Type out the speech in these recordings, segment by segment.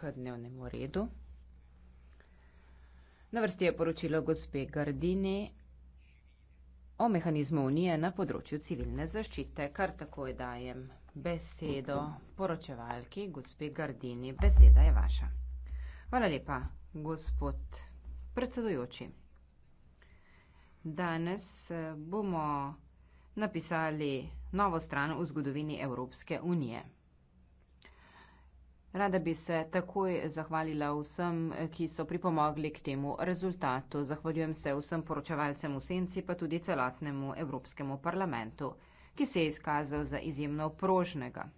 k dnevnemu redu. Na vrsti je poročilo gospe Gardini o mehanizmu Unije na področju civilne zaščite. Kar takoj dajem besedo poročevalki gospe Gardini. Beseda je vaša. Hvala lepa, gospod predsedujoči. Danes eh, bomo napisali novo stran v zgodovini Evropske unije. Rada bi se takoj zahvalila vsem, ki so pripomogli k temu rezultatu. Zahvaljujem se vsem poročevalcem v senci, pa tudi celotnemu Evropskemu parlamentu, ki se je izkazal za izjemno prožnega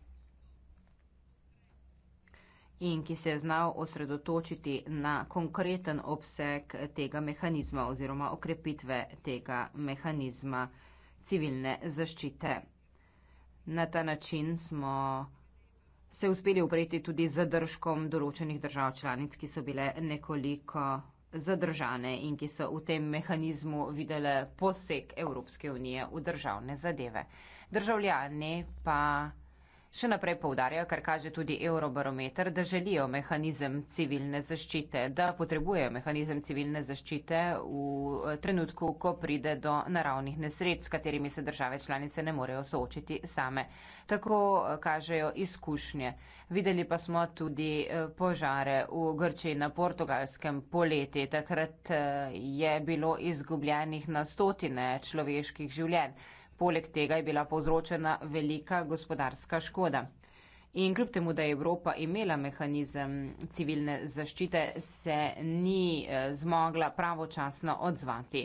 in ki se je znal osredotočiti na konkreten obseg tega mehanizma oziroma okrepitve tega mehanizma civilne zaščite. Na ta način smo se uspeli upreti tudi zadržkom določenih držav članic, ki so bile nekoliko zadržane in ki so v tem mehanizmu videle poseg Evropske unije v državne zadeve. Državljani pa. Še naprej povdarjajo, kar kaže tudi Eurobarometer, da želijo mehanizem civilne zaščite, da potrebujejo mehanizem civilne zaščite v eh, trenutku, ko pride do naravnih nesreč, s katerimi se države članice ne morejo soočiti same. Tako eh, kažejo izkušnje. Videli pa smo tudi eh, požare v Grčiji na portugalskem poleti. Takrat je bilo izgubljenih na stotine človeških življenj. Poleg tega je bila povzročena velika gospodarska škoda. In kljub temu, da je Evropa imela mehanizem civilne zaščite, se ni eh, zmogla pravočasno odzvati.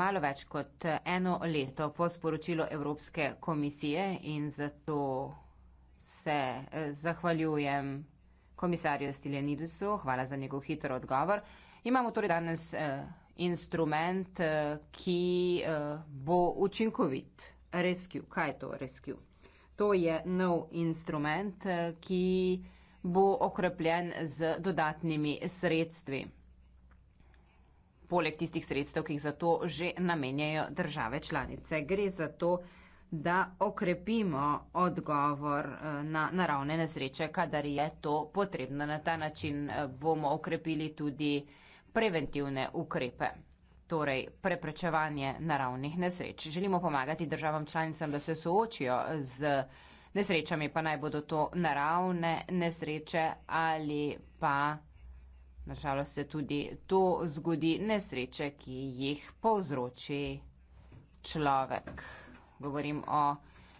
Malo več kot eno leto po sporočilu Evropske komisije in zato se eh, zahvaljujem komisarju Stiljanidusu, hvala za njegov hitro odgovor. Imamo torej danes eh, instrument, eh, ki eh, bo učinkovit. Rescue, kaj je to rescue? To je nov instrument, eh, ki bo okrepljen z dodatnimi sredstvi, poleg tistih sredstev, ki jih za to že namenjajo države članice. Gre za to, da okrepimo odgovor na naravne nesreče, kadar je to potrebno. Na ta način bomo okrepili tudi uh, preventivne ukrepe. Torej, preprečevanje naravnih nesreč. Želimo pomagati državam članicam, da se soočijo z nesrečami, pa naj bodo to naravne nesreče ali pa, nažalost, se tudi to zgodi nesreče, ki jih povzroči človek. Govorim o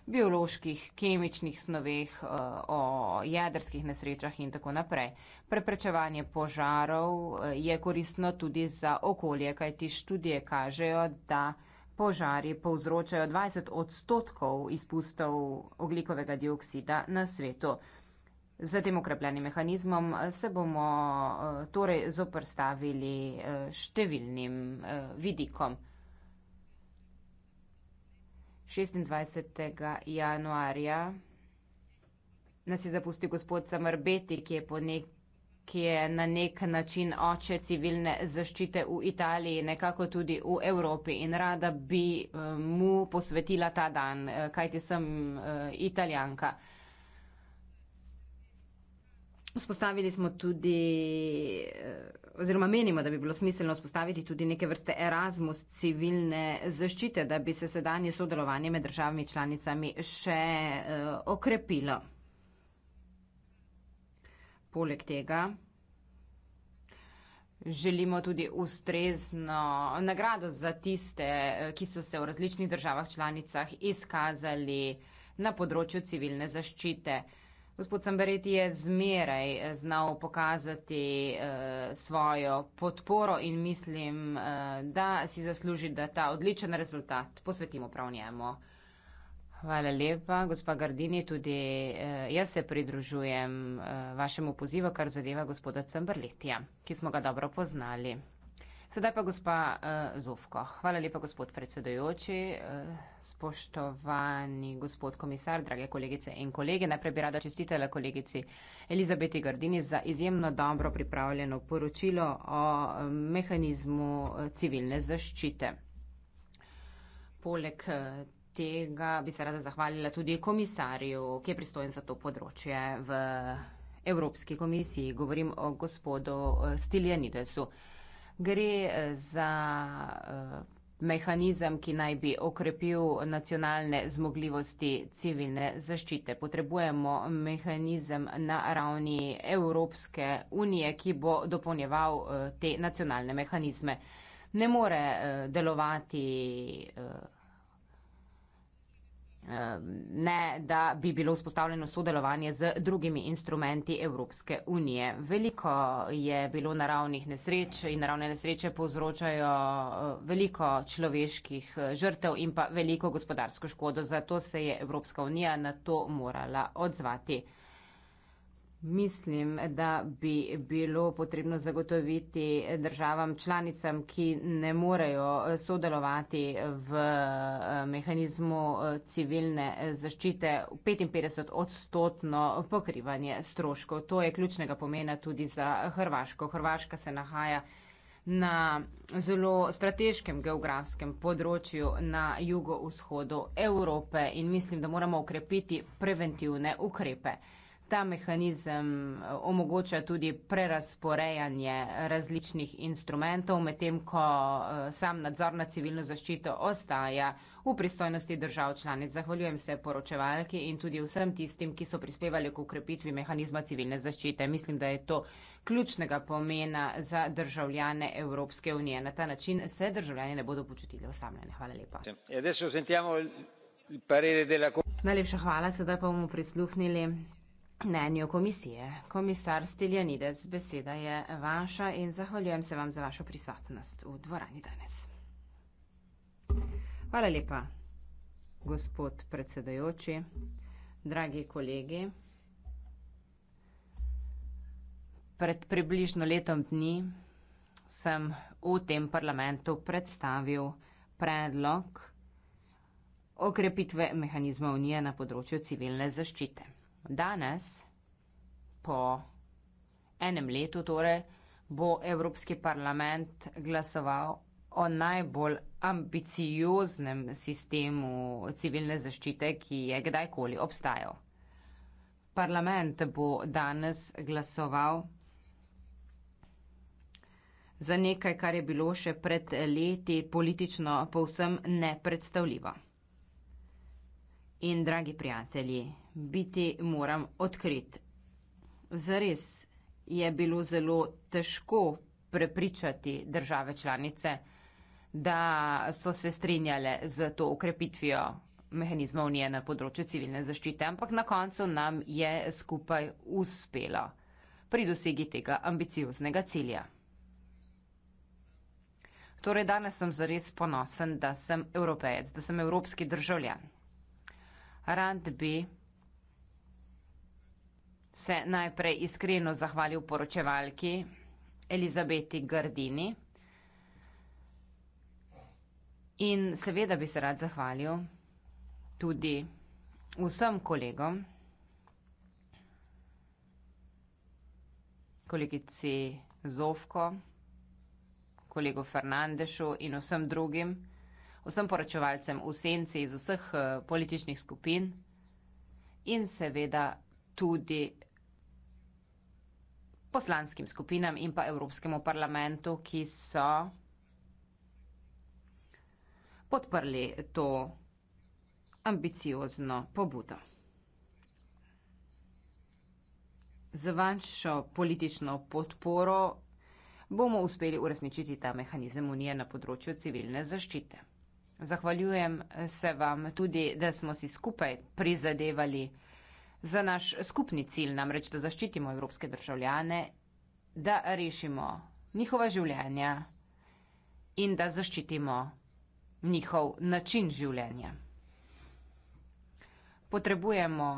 bioloških, kemičnih snoveh, eh, o jedrskih nesrečah in tako naprej. Preprečevanje požarov eh, je koristno tudi za okolje, kajti študije kažejo, da požari povzročajo 20 odstotkov izpustov oglikovega dioksida na svetu. Z tem okrepljenim mehanizmom eh, se bomo torej zoprstavili številnim vidikom. 26. januarja nas je zapustil gospod Samarbeti, ki je po nek ki je na nek način oče civilne zaščite v Italiji, nekako tudi v Evropi in rada bi eh, mu posvetila ta dan, eh, kajti sem eh, italijanka. Vzpostavili smo tudi, eh, oziroma menimo, da bi bilo smiselno vzpostaviti tudi neke vrste Erasmus civilne zaščite, da bi se sedanje sodelovanje med državami članicami še eh, okrepilo. Poleg tega želimo tudi ustrezno nagrado za tiste, eh, ki so se v različnih državah članicah izkazali na področju civilne zaščite. Gospod Samberiti je zmeraj znal pokazati eh, svojo podporo in mislim, eh, da si zasluži, da ta odličen rezultat posvetimo prav njemu. Hvala lepa, gospa Gardini, tudi eh, jaz se pridružujem eh, vašemu pozivu, kar zadeva gospoda Cemberletija, ki smo ga dobro poznali. Sedaj pa gospa uh, eh, Zovko. Hvala lepa, gospod predsedojoči, uh, eh, spoštovani gospod komisar, drage kolegice in kolege. Najprej bi rada čestitela kolegici Elizabeti Gardini za izjemno dobro pripravljeno poročilo o eh, mehanizmu civilne zaščite. Poleg tega bi se rada zahvalila tudi komisarju, ki je pristojen za to področje v Evropski komisiji. Govorim o gospodu Stiljanidesu gre eh, za eh, mehanizem, ki naj bi okrepil nacionalne zmogljivosti civilne zaščite. Potrebujemo mehanizem na ravni Evropske unije, ki bo dopolnjeval eh, te nacionalne mehanizme. Ne more delovati ne, da bi bilo vzpostavljeno sodelovanje z drugimi instrumenti Evropske unije. Veliko je bilo naravnih nesreč in naravne nesreče povzročajo e, veliko človeških e, žrtev in pa veliko gospodarsko škodo. Zato se je Evropska unija na to morala odzvati. Mislim, da bi bilo potrebno zagotoviti državam članicam, ki ne morejo eh, sodelovati v eh, mehanizmu eh, civilne zaščite, 55 odstotno pokrivanje stroškov. To je ključnega pomena tudi za Hrvaško. Hrvaška se nahaja na zelo strateškem geografskem področju na jugovzhodu Evrope in mislim, da moramo ukrepiti preventivne ukrepe ta mehanizem eh, omogoča tudi prerasporejanje različnih instrumentov, medtem ko eh, sam nadzor na civilno zaščito ostaja v pristojnosti držav članic. Zahvaljujem se poročevalki in tudi vsem tistim, ki so prispevali k ukrepitvi mehanizma civilne zaščite. Mislim, da je to ključnega pomena za državljane Evropske unije. Na ta način se državljani ne bodo počutili osamljene. Hvala lepa. E Najlepša hvala, sedaj pa bomo prisluhnili mnenju komisije. Komisar Steljanides, beseda je vaša in zahvaljujem se vam za vašo prisotnost v dvorani danes. Hvala lepa, gospod predsedajoči, dragi kolegi. Pred približno letom dni sem v tem parlamentu predstavil predlog okrepitve mehanizma Unije na področju civilne zaščite. Danes, po enem letu, torej, bo Evropski parlament glasoval o najbolj ambicioznem sistemu civilne zaščite, ki je kdajkoli obstajal. Parlament bo danes glasoval za nekaj, kar je bilo še pred leti politično povsem nepredstavljivo. In dragi prijatelji, biti moram odkrit. Zares je bilo zelo težko prepričati države članice, da so se strinjale z to ukrepitvijo mehanizmov unije na področju civilne zaščite, ampak na koncu nam je skupaj uspelo pri dosegi tega ambicioznega cilja. Torej, danes sem zares ponosen, da sem evropejec, da sem evropski državljan rad bi se najprej iskreno zahvalil poročevalki Elizabeti Gardini. In seveda bi se rad zahvalil tudi vsem kolegom, kolegici Zovko, kolegu Fernandešu in vsem drugim vsem poročevalcem v senci iz vseh eh, političnih skupin in seveda tudi poslanskim skupinam in pa Evropskemu parlamentu, ki so podprli to ambiciozno pobudo. Z vanjšo politično podporo bomo uspeli uresničiti ta mehanizem unije na področju civilne zaščite. Zahvaljujem se vam tudi, da smo si skupaj prizadevali za naš skupni cilj, namreč da zaščitimo evropske državljane, da rešimo njihova življenja in da zaščitimo njihov način življenja. Potrebujemo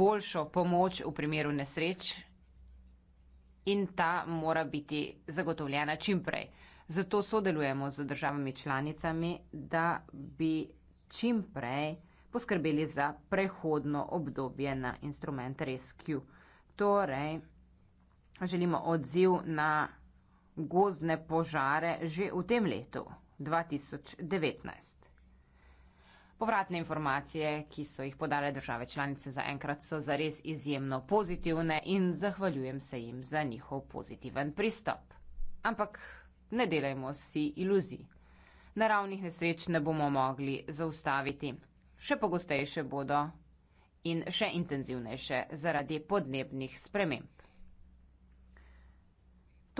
boljšo pomoč v primeru nesreč in ta mora biti zagotovljena čimprej. Zato sodelujemo z državami članicami, da bi čim prej poskrbeli za prehodno obdobje na instrument Rescue. Torej, želimo odziv na gozne požare že v tem letu 2019. Povratne informacije, ki so jih podale države članice zaenkrat, so zares izjemno pozitivne in zahvaljujem se jim za njihov pozitiven pristop. Ampak ne delajmo si iluzij. Naravnih nesreč ne bomo mogli zaustaviti. Še pogostejše bodo in še intenzivnejše zaradi podnebnih sprememb.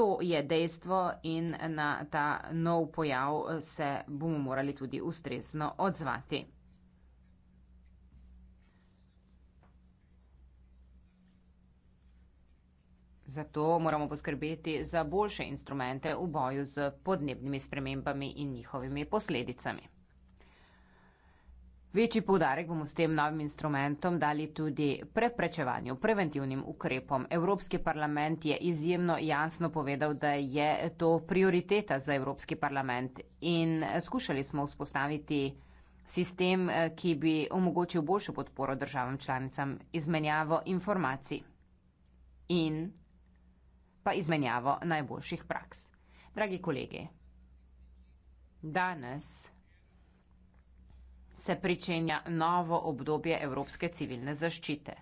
To je dejstvo in na ta nov pojav se bomo morali tudi ustrezno odzvati. Zato moramo poskrbeti za boljše instrumente v boju z podnebnimi spremembami in njihovimi posledicami. Večji povdarek bomo s tem novim instrumentom dali tudi preprečevanju, preventivnim ukrepom. Evropski parlament je izjemno jasno povedal, da je to prioriteta za Evropski parlament in skušali smo vzpostaviti sistem, ki bi omogočil boljšo podporo državam članicam izmenjavo informacij. In pa izmenjavo najboljših praks. Dragi kolegi, danes se pričenja novo obdobje evropske civilne zaščite.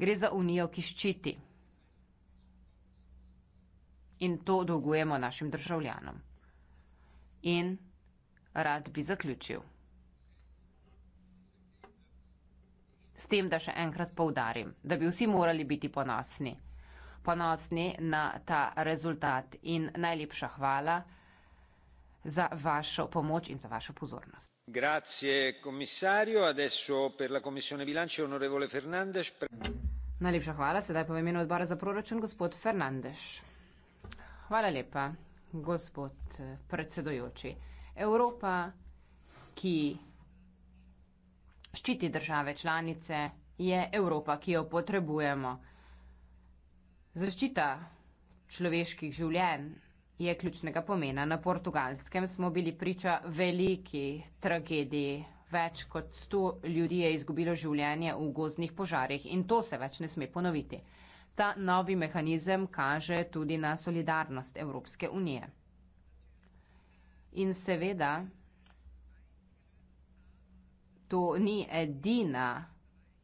Gre za unijo, ki ščiti. In to dolgujemo našim državljanom. In rad bi zaključil. S tem, da še enkrat poudarim, da bi vsi morali biti ponosni ponosni na ta rezultat in najlepša hvala za vašo pomoč in za vašo pozornost. Grazie, per la Fernandez. Najlepša hvala, sedaj pa v imenu odbora za proračun gospod Fernandeš. Hvala lepa, gospod eh, predsedojoči. Evropa, ki ščiti države članice, je Evropa, ki jo potrebujemo. Zaščita človeških življenj je ključnega pomena. Na portugalskem smo bili priča veliki tragediji. Več kot 100 ljudi je izgubilo življenje v gozdnih požarih in to se več ne sme ponoviti. Ta novi mehanizem kaže tudi na solidarnost Evropske unije. In seveda, to ni edina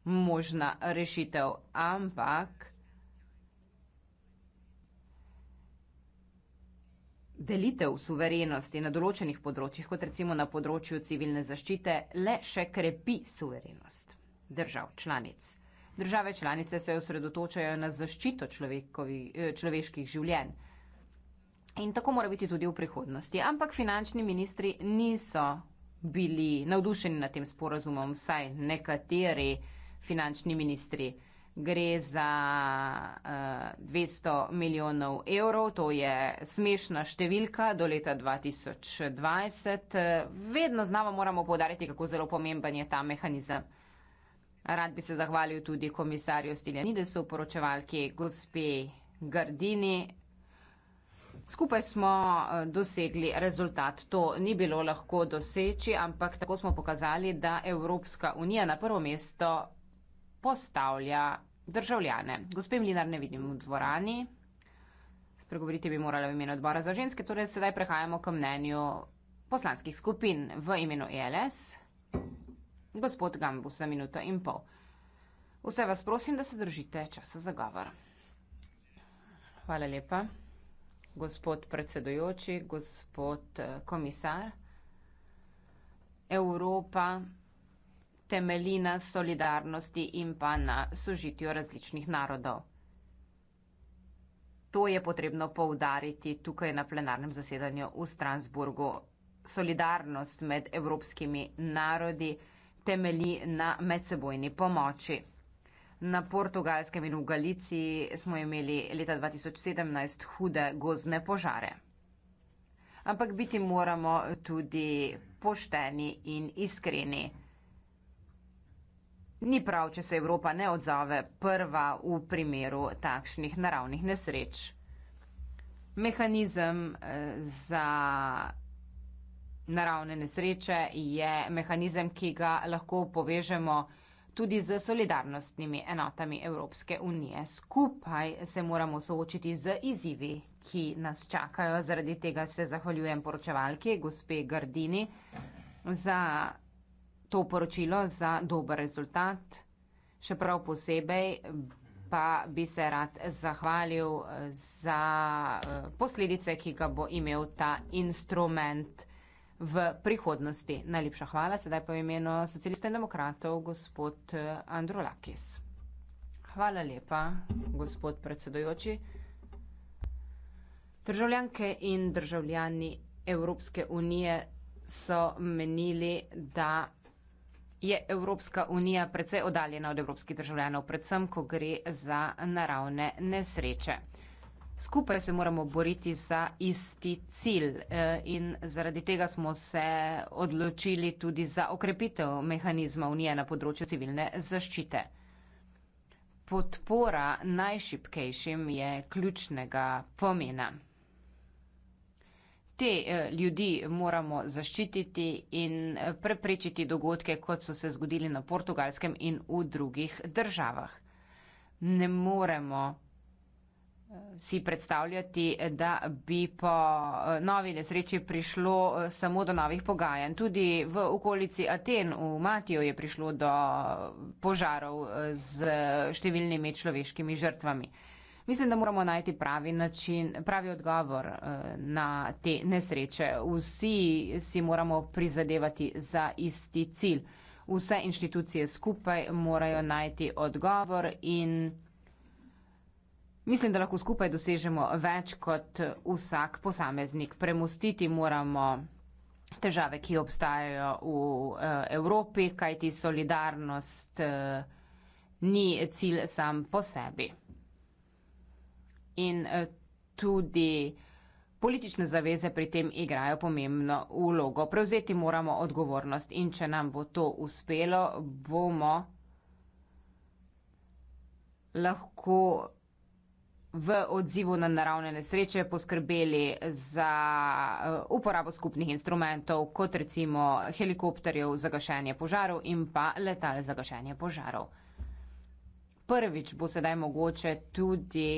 možna rešitev, ampak delitev suverenosti na določenih področjih, kot recimo na področju civilne zaščite, le še krepi suverenost držav članic. Države članice se osredotočajo na zaščito človekovi, eh, človeških življenj. In tako mora biti tudi v prihodnosti. Ampak finančni ministri niso bili navdušeni nad tem sporazumom, vsaj nekateri finančni ministri gre za uh, eh, 200 milijonov evrov, to je smešna številka do leta 2020. Eh, vedno znova moramo podariti, kako zelo pomemben je ta mehanizem. Rad bi se zahvalil tudi komisarju Stiljanidesu, poročevalki gospe Gardini. Skupaj smo eh, dosegli rezultat. To ni bilo lahko doseči, ampak tako smo pokazali, da Evropska unija na prvo mesto postavlja državljane. Gospe Mlinar ne vidim v dvorani. Spregovoriti bi morala v imenu odbora za ženske, torej sedaj prehajamo k mnenju poslanskih skupin v imenu ELS. Gospod Gambus za minuto in pol. Vse vas prosim, da se držite časa za govor. Hvala lepa. Gospod predsedujoči, gospod eh, komisar, Evropa temelji na solidarnosti in pa na sožitju različnih narodov. To je potrebno poudariti tukaj na plenarnem zasedanju v Strasburgu. Solidarnost med evropskimi narodi temelji na medsebojni pomoči. Na portugalskem in v Galiciji smo imeli leta 2017 hude gozne požare. Ampak biti moramo tudi pošteni in iskreni. Ni prav, če se Evropa ne odzove prva v primeru takšnih naravnih nesreč. Mehanizem eh, za naravne nesreče je mehanizem, ki ga lahko povežemo tudi z solidarnostnimi enotami Evropske unije. Skupaj se moramo soočiti z izzivi, ki nas čakajo. Zaradi tega se zahvaljujem poročevalki, gospe Gardini, za to poročilo za dober rezultat, še prav posebej pa bi se rad zahvalil eh, za eh, posledice, ki ga bo imel ta instrument v prihodnosti. Najlepša hvala, sedaj pa v imenu socialistov in demokratov gospod eh, Androlakis. Hvala lepa, gospod predsedojoči. Državljanke in državljani Evropske unije so menili, da je Evropska unija precej oddaljena od evropskih državljanov, predvsem, ko gre za naravne nesreče. Skupaj se moramo boriti za isti cilj eh, in zaradi tega smo se odločili tudi za okrepitev mehanizma Unije na področju civilne zaščite. Podpora najšipkejšim je ključnega pomena te eh, ljudi moramo zaščititi in eh, preprečiti dogodke, kot so se zgodili na portugalskem in v drugih državah. Ne moremo eh, si predstavljati, da bi po novi nesreči prišlo samo do novih pogajanj. Tudi v okolici Aten v Matijo je prišlo do požarov z številnimi človeškimi žrtvami. Mislim, da moramo najti pravi način, pravi odgovor eh, na te nesreče. Vsi si moramo prizadevati za isti cilj. Vse inštitucije skupaj morajo najti odgovor in mislim, da lahko skupaj dosežemo več kot vsak posameznik. Premustiti moramo težave, ki obstajajo v eh, Evropi, kajti solidarnost eh, ni cilj sam po sebi in eh, tudi politične zaveze pri tem igrajo pomembno vlogo. Prevzeti moramo odgovornost in če nam bo to uspelo, bomo lahko v odzivu na naravne nesreče poskrbeli za eh, uporabo skupnih instrumentov, kot recimo helikopterjev za gašenje požarov in pa letal za gašenje požarov. Prvič bo sedaj mogoče tudi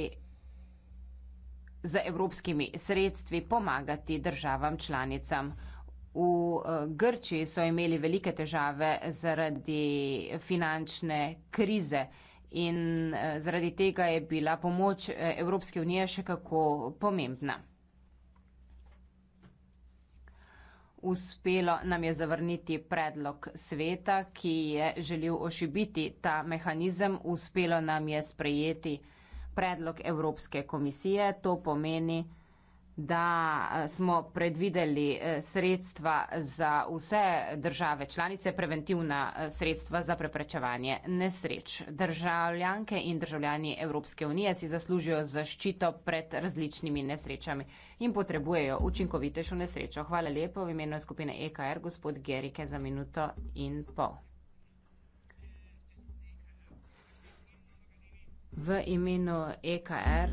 z evropskimi sredstvi pomagati državam članicam. V eh, Grčiji so imeli velike težave zaradi finančne krize in eh, zaradi tega je bila pomoč eh, Evropske unije še kako pomembna. Uspelo nam je zavrniti predlog sveta, ki je želel ošibiti ta mehanizem. Uspelo nam je sprejeti predlog predlog Evropske komisije. To pomeni, da eh, smo predvideli eh, sredstva za vse države članice, preventivna eh, sredstva za preprečevanje nesreč. Državljanke in državljani Evropske unije si zaslužijo zaščito pred različnimi nesrečami in potrebujejo učinkovitejšo nesrečo. Hvala lepo v imenu skupine EKR, gospod Gerike, za minuto in pol. V imenu EKR,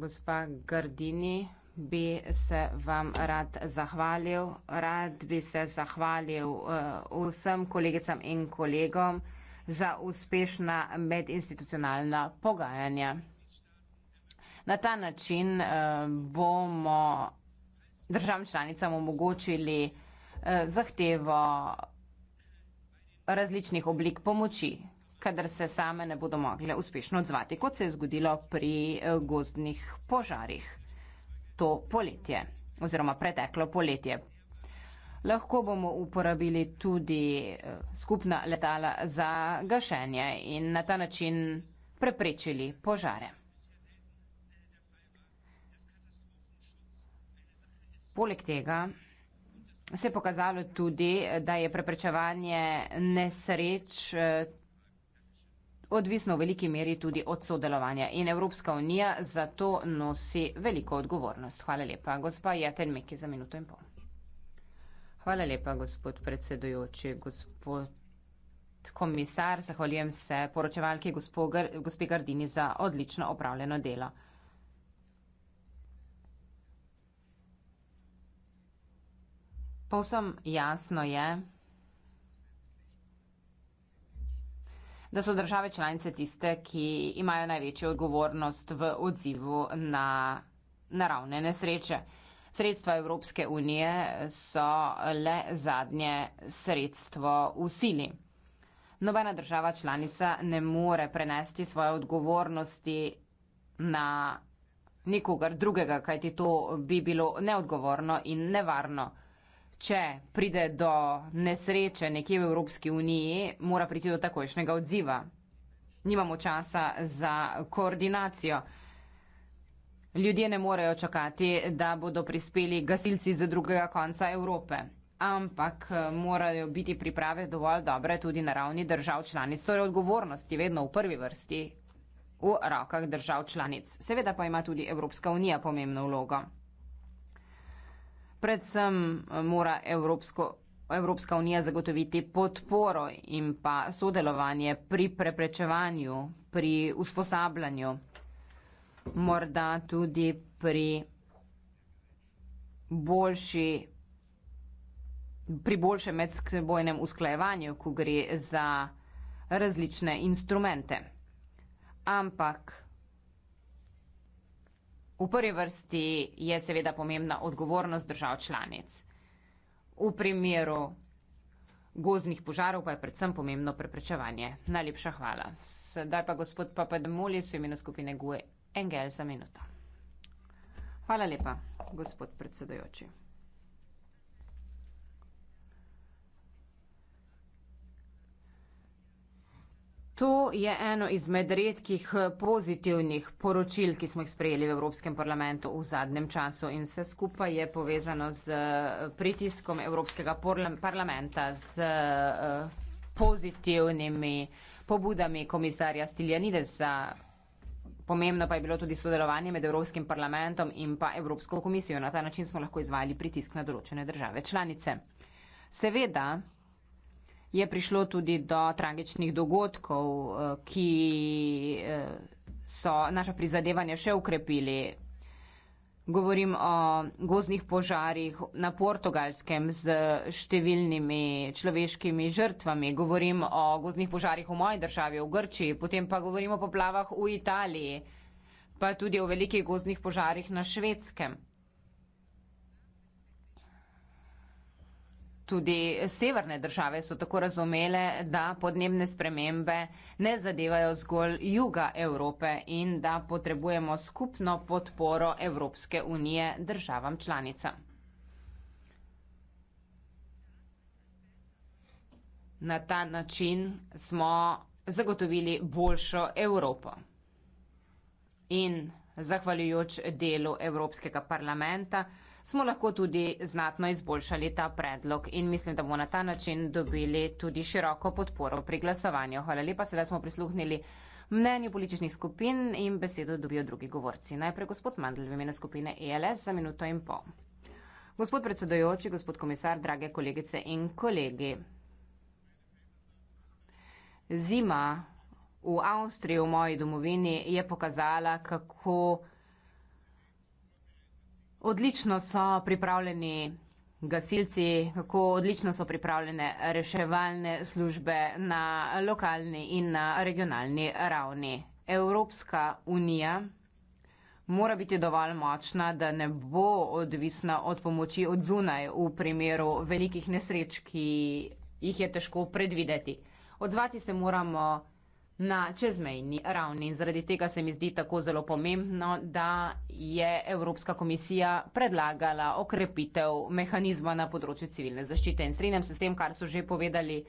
gospa Gardini, bi se vam rad zahvalil. Rad bi se zahvalil, eh, vsem kolegicam in kolegom za uspešna medinstitucionalna pogajanja. Na ta način, eh, bomo državam članicam omogočili, eh, zahtevo različnih oblik pomoči kadar se same ne bodo mogle uspešno odzvati, kot se je zgodilo pri eh, gozdnih požarih to poletje oziroma preteklo poletje. Lahko bomo uporabili tudi eh, skupna letala za gašenje in na ta način preprečili požare. Poleg tega se je pokazalo tudi, da je preprečevanje nesreč eh, odvisno v veliki meri tudi od sodelovanja in Evropska unija za to nosi veliko odgovornost. Hvala lepa, gospa Jaten Meki, za minuto in pol. Hvala lepa, gospod predsedujoči, gospod komisar. Zahvaljujem se poročevalki gospe Gardini za odlično opravljeno delo. Povsem jasno je, da so države članice tiste, ki imajo največjo odgovornost v odzivu na naravne nesreče. Sredstva Evropske unije so le zadnje sredstvo v sili. Nobena država članica ne more prenesti svoje odgovornosti na nikogar drugega, kajti to bi bilo neodgovorno in nevarno če pride do nesreče nekje v Evropski uniji, mora priti do takojšnjega odziva. Nimamo časa za koordinacijo. Ljudje ne morejo čakati, da bodo prispeli gasilci z drugega konca Evrope, ampak eh, morajo biti priprave dovolj dobre tudi na ravni držav članic. Torej odgovornosti vedno v prvi vrsti v rokah držav članic. Seveda pa ima tudi Evropska unija pomembno vlogo predvsem eh, mora Evropsko, Evropska unija zagotoviti podporo in pa sodelovanje pri preprečevanju, pri usposabljanju, morda tudi pri boljši pri boljšem medsebojnem usklajevanju, ko gre za različne instrumente. Ampak V prvi vrsti je seveda pomembna odgovornost držav članic. V primeru gozdnih požarov pa je predvsem pomembno preprečevanje. Najlepša hvala. Sedaj pa gospod Papademolis v imenu skupine GUE Engel za minuto. Hvala lepa, gospod predsedojoči. To je eno izmed redkih eh, pozitivnih poročil, ki smo jih sprejeli v Evropskem parlamentu v zadnjem času in vse skupaj je povezano z eh, pritiskom Evropskega parlamenta, z eh, pozitivnimi pobudami komisarja Stiljanidesa. Pomembno pa je bilo tudi sodelovanje med Evropskim parlamentom in pa Evropsko komisijo. Na ta način smo lahko izvajali pritisk na določene države članice. Seveda je prišlo tudi do tragičnih dogodkov, eh, ki eh, so naša prizadevanja še ukrepili. Govorim o gozdnih požarih na portugalskem z številnimi človeškimi žrtvami, govorim o gozdnih požarih v moji državi, v Grčiji, potem pa govorim o poplavah v Italiji, pa tudi o velikih gozdnih požarih na švedskem. tudi severne države so tako razumele, da podnebne spremembe ne zadevajo zgolj juga Evrope in da potrebujemo skupno podporo Evropske unije državam članicam. Na ta način smo zagotovili boljšo Evropo. In zahvaljujoč delu Evropskega parlamenta, smo lahko tudi znatno izboljšali ta predlog in mislim, da bomo na ta način dobili tudi široko podporo pri glasovanju. Hvala lepa, sedaj smo prisluhnili mnenju političnih skupin in besedo dobijo drugi govorci. Najprej gospod Mandl v imenu skupine ELS za minuto in pol. Gospod predsedojoči, gospod komisar, drage kolegice in kolegi. Zima v Avstriji, v moji domovini, je pokazala, kako Odlično so pripravljeni gasilci, kako odlično so pripravljene reševalne službe na lokalni in na regionalni ravni. Evropska unija mora biti dovolj močna, da ne bo odvisna od pomoči od zunaj v primeru velikih nesreč, ki jih je težko predvideti. Odzvati se moramo na čezmejni ravni. In zaradi tega se mi zdi tako zelo pomembno, da je Evropska komisija predlagala okrepitev mehanizma na področju civilne zaščite. In strinjam se s tem, kar so že povedali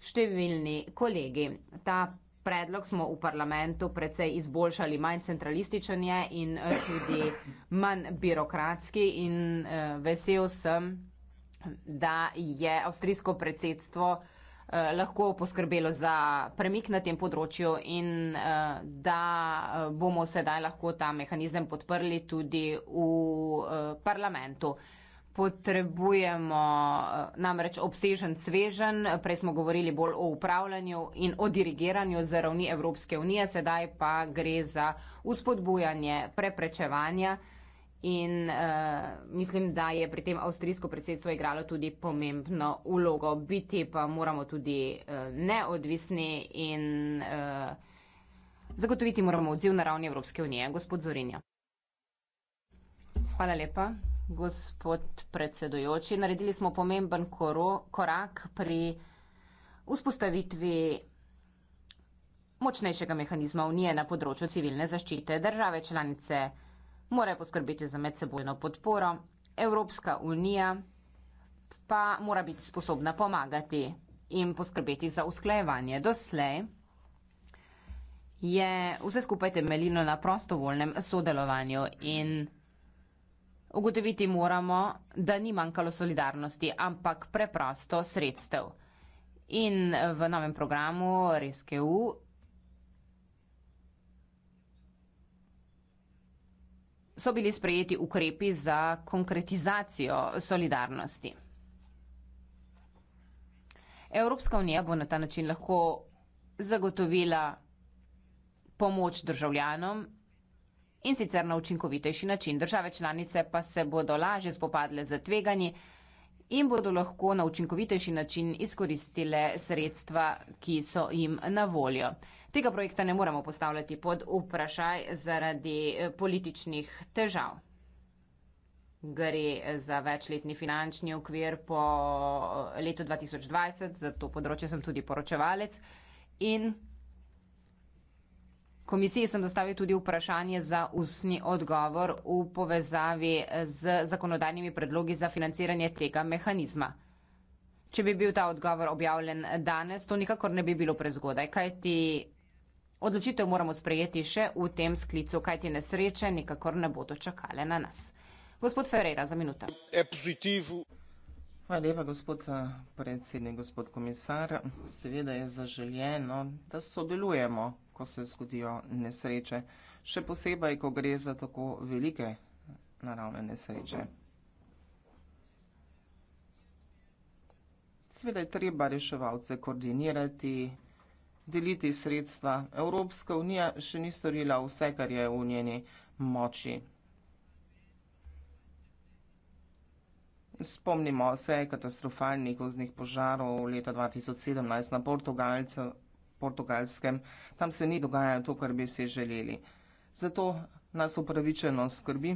številni kolegi. Ta predlog smo v parlamentu precej izboljšali, manj centralističen je in eh, tudi manj birokratski in eh, vesel sem, da je avstrijsko predsedstvo Eh, lahko poskrbelo za premik na tem področju in uh, da eh, bomo sedaj lahko ta mehanizem podprli tudi v uh, parlamentu. Potrebujemo uh, namreč obsežen svežen, prej smo govorili bolj o upravljanju in o dirigiranju z ravni Evropske unije, sedaj pa gre za uspodbujanje preprečevanja. In uh, mislim, da je pri tem avstrijsko predsedstvo igralo tudi pomembno ulogo. Biti pa moramo tudi uh, neodvisni in uh, zagotoviti moramo odziv na ravni Evropske unije. Gospod Zorinja. Hvala lepa, gospod predsedujoči. Naredili smo pomemben koro, korak pri vzpostavitvi močnejšega mehanizma unije na področju civilne zaščite države članice mora poskrbeti za medsebojno podporo, Evropska unija pa mora biti sposobna pomagati in poskrbeti za usklajevanje. Doslej je vse skupaj temeljino na prostovoljnem sodelovanju in ugotoviti moramo, da ni manjkalo solidarnosti, ampak preprosto sredstev. In v novem programu Rescue so bili sprejeti ukrepi za konkretizacijo solidarnosti. Evropska unija bo na ta način lahko zagotovila pomoč državljanom in sicer na učinkovitejši način. Države članice pa se bodo lažje spopadle z tveganji in bodo lahko na učinkovitejši način izkoristile sredstva, ki so jim na voljo tega projekta ne moremo postavljati pod vprašaj zaradi eh, političnih težav. Gre eh, za večletni finančni okvir po eh, letu 2020, za to področje sem tudi poročevalec. In komisiji sem zastavil tudi vprašanje za usni odgovor v povezavi z zakonodajnimi predlogi za financiranje tega mehanizma. Če bi bil ta odgovor objavljen danes, to nikakor ne bi bilo prezgodaj, kajti Odločitev moramo sprejeti še v tem sklicu, kajti nesreče nikakor ne bodo čakale na nas. Gospod Ferreira, za minuto. Hvala lepa, gospod eh, predsednik, gospod komisar. Seveda je zaželjeno, da sodelujemo, ko se zgodijo nesreče, še posebej, ko gre za tako velike eh, naravne nesreče. Seveda je treba reševalce koordinirati, deliti sredstva. Evropska unija še ni storila vse, kar je v njeni moči. Spomnimo se katastrofalnih voznih požarov leta 2017 na Portugalskem. Tam se ni dogajalo to, kar bi se želeli. Zato nas upravičeno skrbi,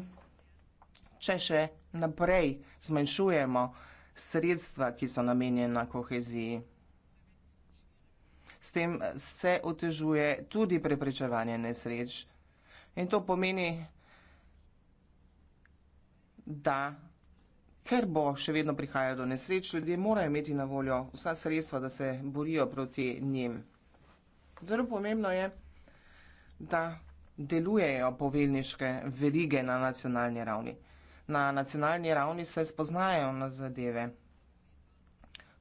če še naprej zmanjšujemo sredstva, ki so namenjena koheziji. S tem se otežuje tudi preprečevanje nesreč. In to pomeni, da ker bo še vedno prihajalo do nesreč, ljudje morajo imeti na voljo vsa sredstva, da se borijo proti njim. Zelo pomembno je, da delujejo povelniške verige na nacionalni ravni. Na nacionalni ravni se spoznajo na zadeve.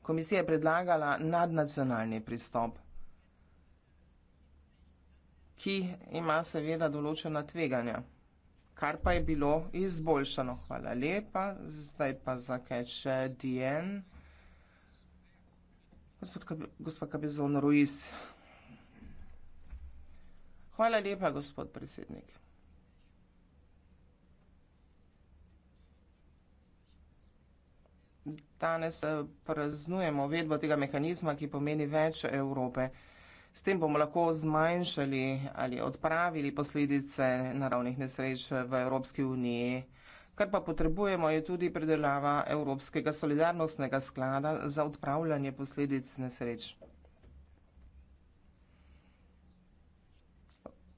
Komisija je predlagala nadnacionalni pristop ki ima seveda določena tveganja. Kar pa je bilo izboljšano, hvala lepa. Zdaj pa za kaj še DN. Gospod Kab gospod Kabizon Ruiz. Hvala lepa, gospod predsednik. Danes eh, praznujemo vedbo tega mehanizma, ki pomeni več Evrope. S tem bomo lahko zmanjšali ali odpravili posledice naravnih nesreč v Evropski uniji. Kar pa potrebujemo je tudi predelava Evropskega solidarnostnega sklada za odpravljanje posledic nesreč.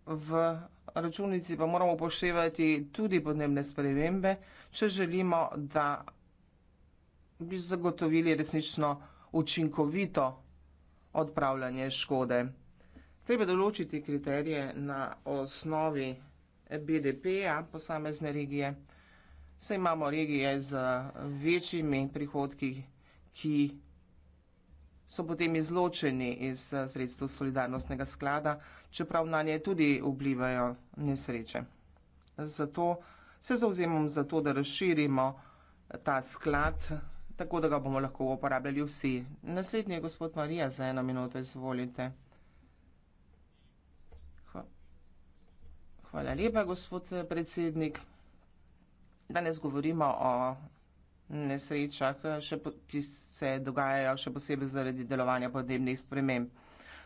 V računici pa moramo upoštevati tudi podnebne spremembe, če želimo, da bi zagotovili resnično učinkovito odpravljanje škode. Treba določiti kriterije na osnovi BDP-ja posamezne regije. Saj imamo regije z večjimi prihodki, ki so potem izločeni iz sredstva solidarnostnega sklada, čeprav na nje tudi vplivajo nesreče. Zato se zauzemam za to, da razširimo ta sklad tako da ga bomo lahko uporabljali vsi. Naslednji je gospod Marija za eno minuto, izvolite. Hvala lepa, gospod predsednik. Danes govorimo o nesrečah, ki se dogajajo še posebej zaradi delovanja podnebnih sprememb.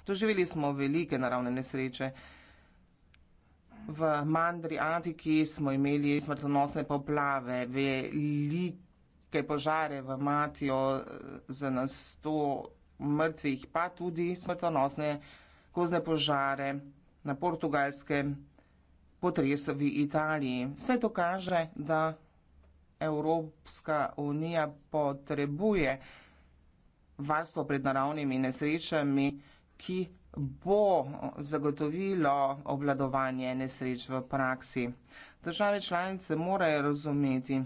Doživeli smo velike naravne nesreče. V Mandri Antiki smo imeli smrtonosne poplave, velike kaj požare v Matijo eh, za nas sto mrtvih, pa tudi smrtonosne kozne požare na portugalske potres v Italiji. Vse to kaže, da Evropska unija potrebuje varstvo pred naravnimi nesrečami, ki bo zagotovilo obladovanje nesreč v praksi. Države članice morajo razumeti,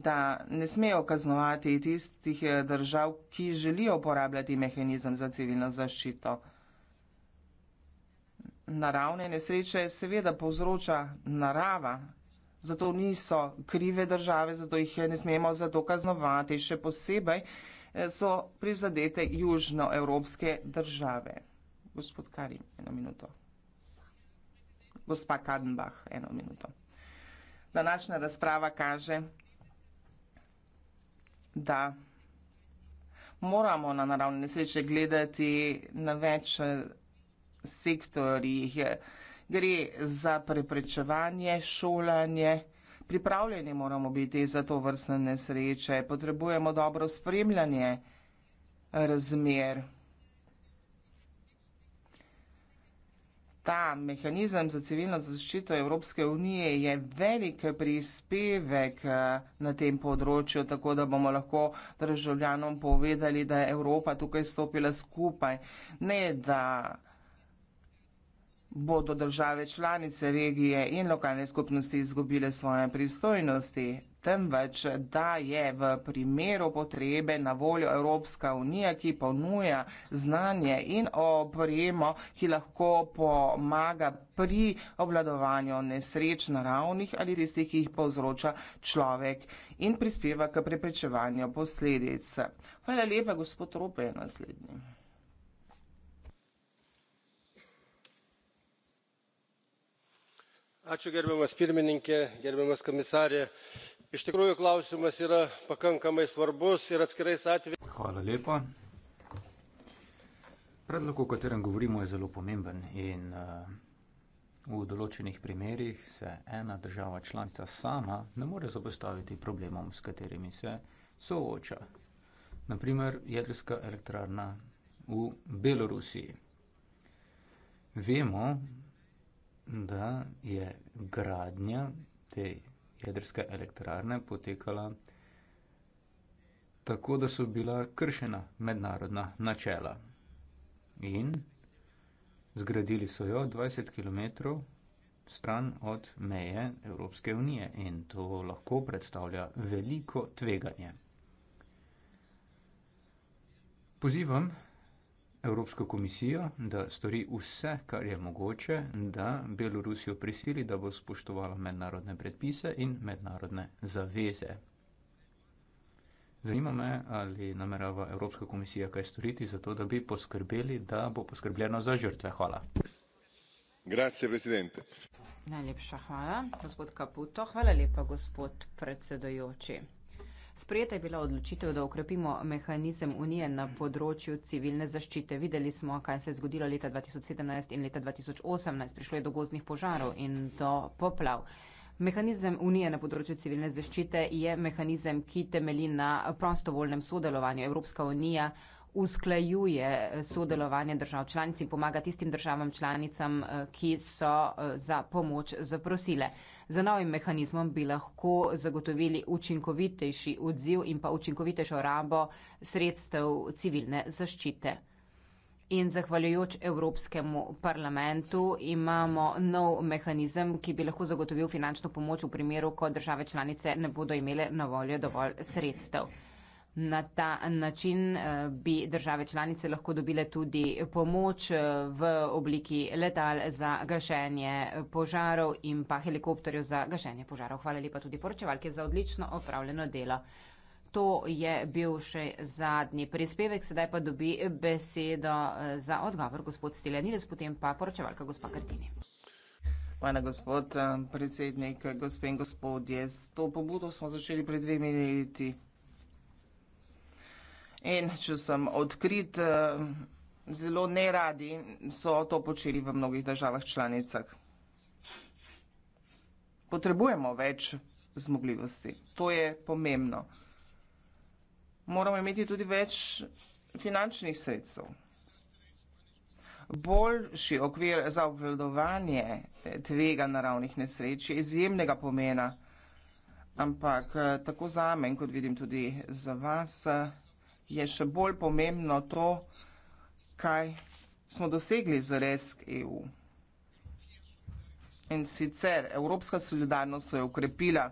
da ne smejo kaznovati tistih eh, držav, ki želijo uporabljati mehanizem za civilno zaščito. Naravne nesreče seveda povzroča narava, zato niso krive države, zato jih ne smemo zato kaznovati. Še posebej eh, so prizadete južnoevropske države. Gospod Karim, eno minuto. Gospa Kadenbach, eno minuto. Današnja razprava kaže, da moramo na naravne nesreče gledati na več eh, sektorjih. Gre za preprečevanje, šolanje, pripravljeni moramo biti za to vrstne nesreče, potrebujemo dobro spremljanje razmer. ta mehanizem za civilno zaščito Evropske unije je velik prispevek eh, na tem področju, tako da bomo lahko državljanom povedali, da je Evropa tukaj stopila skupaj. Ne, da bodo države članice regije in lokalne skupnosti izgubile svoje pristojnosti, temveč da je v primeru potrebe na voljo Evropska unija, ki ponuja znanje in opremo, ki lahko pomaga pri obladovanju nesreč naravnih ali tistih, ki jih povzroča človek in prispeva k preprečevanju posledic. Hvala lepa, gospod Rope, naslednji. gerbiamas pirmininke gerbiamas komisare iš tikrųjų klausimas yra pakankamai svarbus ir atskirais atvejais. Hvala lepa. Predlog, o katerem govorimo, je zelo pomemben in uh, v določenih primerjih se ena država članica sama ne more zapostaviti problemom, s katerimi se sooča. Naprimer, jedrska elektrarna v Belorusiji. Vemo, da je gradnja te jedrske elektrarne potekala tako, da so bila kršena mednarodna načela. In zgradili so jo 20 km stran od meje Evropske unije in to lahko predstavlja veliko tveganje. Pozivam Evropsko komisijo, da stori vse, kar je mogoče, da Belorusijo prisili, da bo spoštovala mednarodne predpise in mednarodne zaveze. Zanima me, ali namerava Evropska komisija kaj storiti za to, da bi poskrbeli, da bo poskrbljeno za žrtve. Hvala. Grazie, presidente. Najlepša hvala, gospod Kaputo. Hvala lepa, gospod predsedojoči. Sprejeta je bila odločitev, da ukrepimo mehanizem Unije na področju civilne zaščite. Videli smo, kaj se je zgodilo leta 2017 in leta 2018. Prišlo je do gozdnih požarov in do poplav. Mehanizem Unije na področju civilne zaščite je mehanizem, ki temeli na prostovoljnem sodelovanju. Evropska unija usklajuje eh, sodelovanje držav članic in pomaga tistim državam članicam, eh, ki so eh, za pomoč zaprosile. Za novim mehanizmom bi lahko zagotovili učinkovitejši odziv in pa učinkovitejšo rabo sredstev civilne zaščite. In zahvaljujoč Evropskemu parlamentu imamo nov mehanizem, ki bi lahko zagotovil finančno pomoč v primeru, ko države članice ne bodo imele na voljo dovolj sredstev. Na ta način eh, bi države članice lahko dobile tudi pomoč eh, v obliki letal za gašenje požarov in pa helikopterjev za gašenje požarov. Hvala lepa tudi poročevalke za odlično opravljeno delo. To je bil še zadnji prispevek, sedaj pa dobi besedo eh, za odgovor gospod Stilenides, potem pa poročevalka gospa Kartini. Hvala, gospod predsednik, gospe in gospodje. S to pobudo smo začeli pred dvemi leti. In če sem odkrit, eh, zelo neradi so to počeli v mnogih državah članicah. Potrebujemo več zmogljivosti. To je pomembno. Moramo imeti tudi več finančnih sredstev. Boljši okvir za obvladovanje tvega naravnih nesreč je izjemnega pomena, ampak eh, tako za men, kot vidim tudi za vas, je še bolj pomembno to, kaj smo dosegli z resk EU. In sicer Evropska solidarnost se je ukrepila.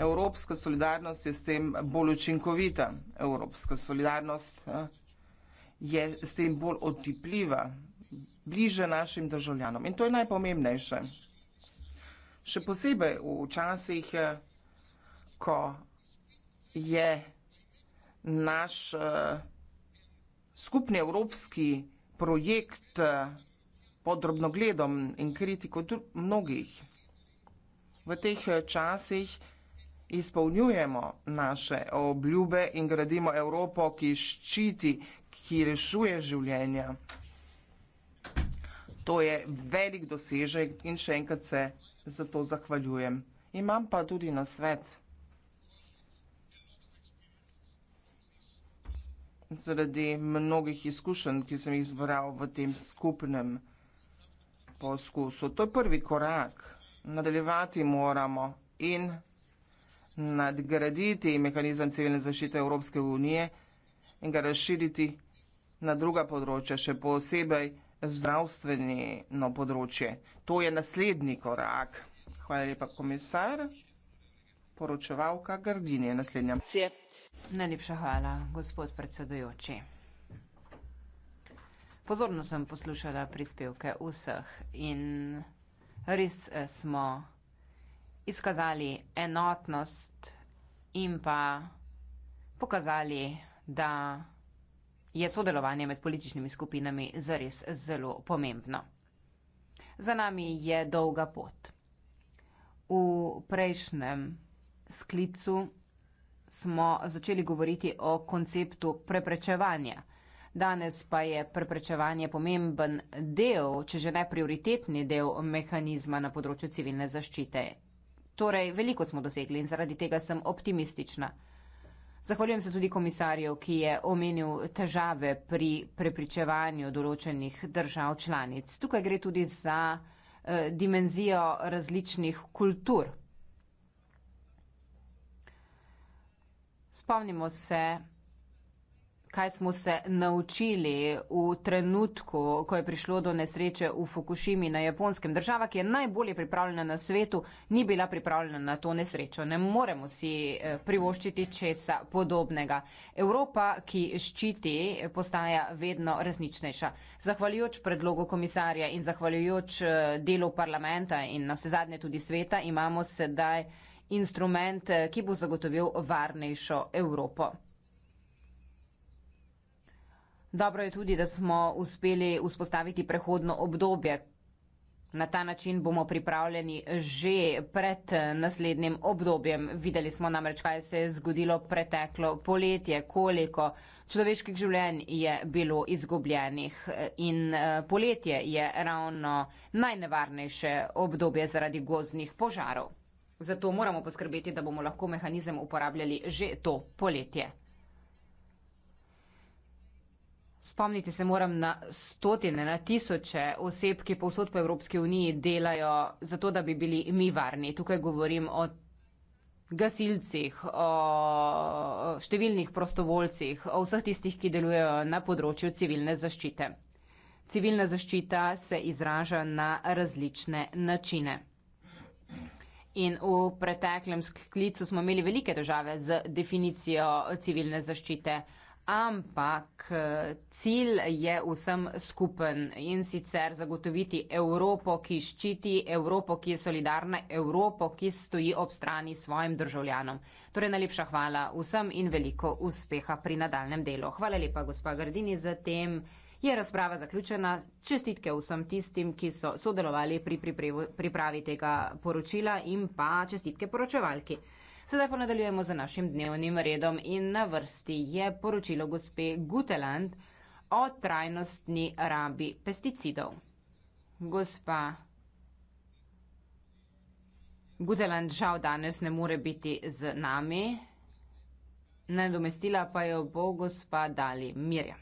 Evropska solidarnost je s tem bolj učinkovita. Evropska solidarnost je s tem bolj otipljiva, bliže našim državljanom. In to je najpomembnejše. Še posebej v časih, ko je vsega, naš eh, skupni evropski projekt eh, pod drobnogledom in kritiko mnogih. V teh eh, časih izpolnjujemo naše obljube in gradimo Evropo, ki ščiti, ki rešuje življenja. To je velik dosežek in še enkrat se za to zahvaljujem. Imam pa tudi na svet. zaradi mnogih izkušenj, ki sem jih zbral v tem skupnem poskusu. To je prvi korak. Nadaljevati moramo in nadgraditi mehanizem civilne zaščite Evropske unije in ga razširiti na druga področja, še posebej zdravstveno področje. To je naslednji korak. Hvala lepa, komisar poročevalka Gardinje naslednja. Najlepša hvala, gospod predsedujoči. Pozorno sem poslušala prispevke vseh in res eh, smo izkazali enotnost in pa pokazali, da je sodelovanje med političnimi skupinami zares zelo pomembno. Za nami je dolga pot. V prejšnjem sklicu smo začeli govoriti o konceptu preprečevanja. Danes pa je preprečevanje pomemben del, če že ne prioritetni del mehanizma na področju civilne zaščite. Torej, veliko smo dosegli in zaradi tega sem optimistična. Zahvaljujem se tudi komisarju, ki je omenil težave pri prepričevanju določenih držav članic. Tukaj gre tudi za eh, dimenzijo različnih kultur. Spomnimo se, kaj smo se naučili v trenutku, ko je prišlo do nesreče v Fukushimi na Japonskem. Država, ki je najbolje pripravljena na svetu, ni bila pripravljena na to nesrečo. Ne moremo si eh, privoščiti česa podobnega. Evropa, ki ščiti, postaja vedno različnejša. Zahvaljujoč predlogu komisarja in zahvaljujoč eh, delu parlamenta in na vse zadnje tudi sveta imamo sedaj instrument, eh, ki bo zagotovil varnejšo Evropo. Dobro je tudi, da smo uspeli vzpostaviti prehodno obdobje. Na ta način bomo pripravljeni že pred eh, naslednjim obdobjem. Videli smo namreč, kaj se je zgodilo preteklo poletje, koliko človeških življenj je bilo izgubljenih. Eh, in poletje je ravno najnevarnejše obdobje zaradi gozdnih požarov. Zato moramo poskrbeti, da bomo lahko mehanizem uporabljali že to poletje. Spomniti se moram na stotine, na tisoče oseb, ki povsod po Evropski uniji delajo, zato da bi bili mi varni. Tukaj govorim o gasilcih, o številnih prostovoljcih, o vseh tistih, ki delujejo na področju civilne zaščite. Civilna zaščita se izraža na različne načine. In v preteklem sklicu smo imeli velike težave z definicijo civilne zaščite, ampak cilj je vsem skupen in sicer zagotoviti Evropo, ki ščiti, Evropo, ki je solidarna, Evropo, ki stoji ob strani svojim državljanom. Torej, najlepša hvala vsem in veliko uspeha pri nadaljem delu. Hvala lepa, gospa Gardini, za tem je razprava zaključena. Čestitke vsem tistim, ki so sodelovali pri pripravi tega poročila in pa čestitke poročevalki. Sedaj pa nadaljujemo z našim dnevnim redom in na vrsti je poročilo gospe Guteland o trajnostni rabi pesticidov. Gospa Guteland žal danes ne more biti z nami, nadomestila pa jo bo gospa Dali Mirjam.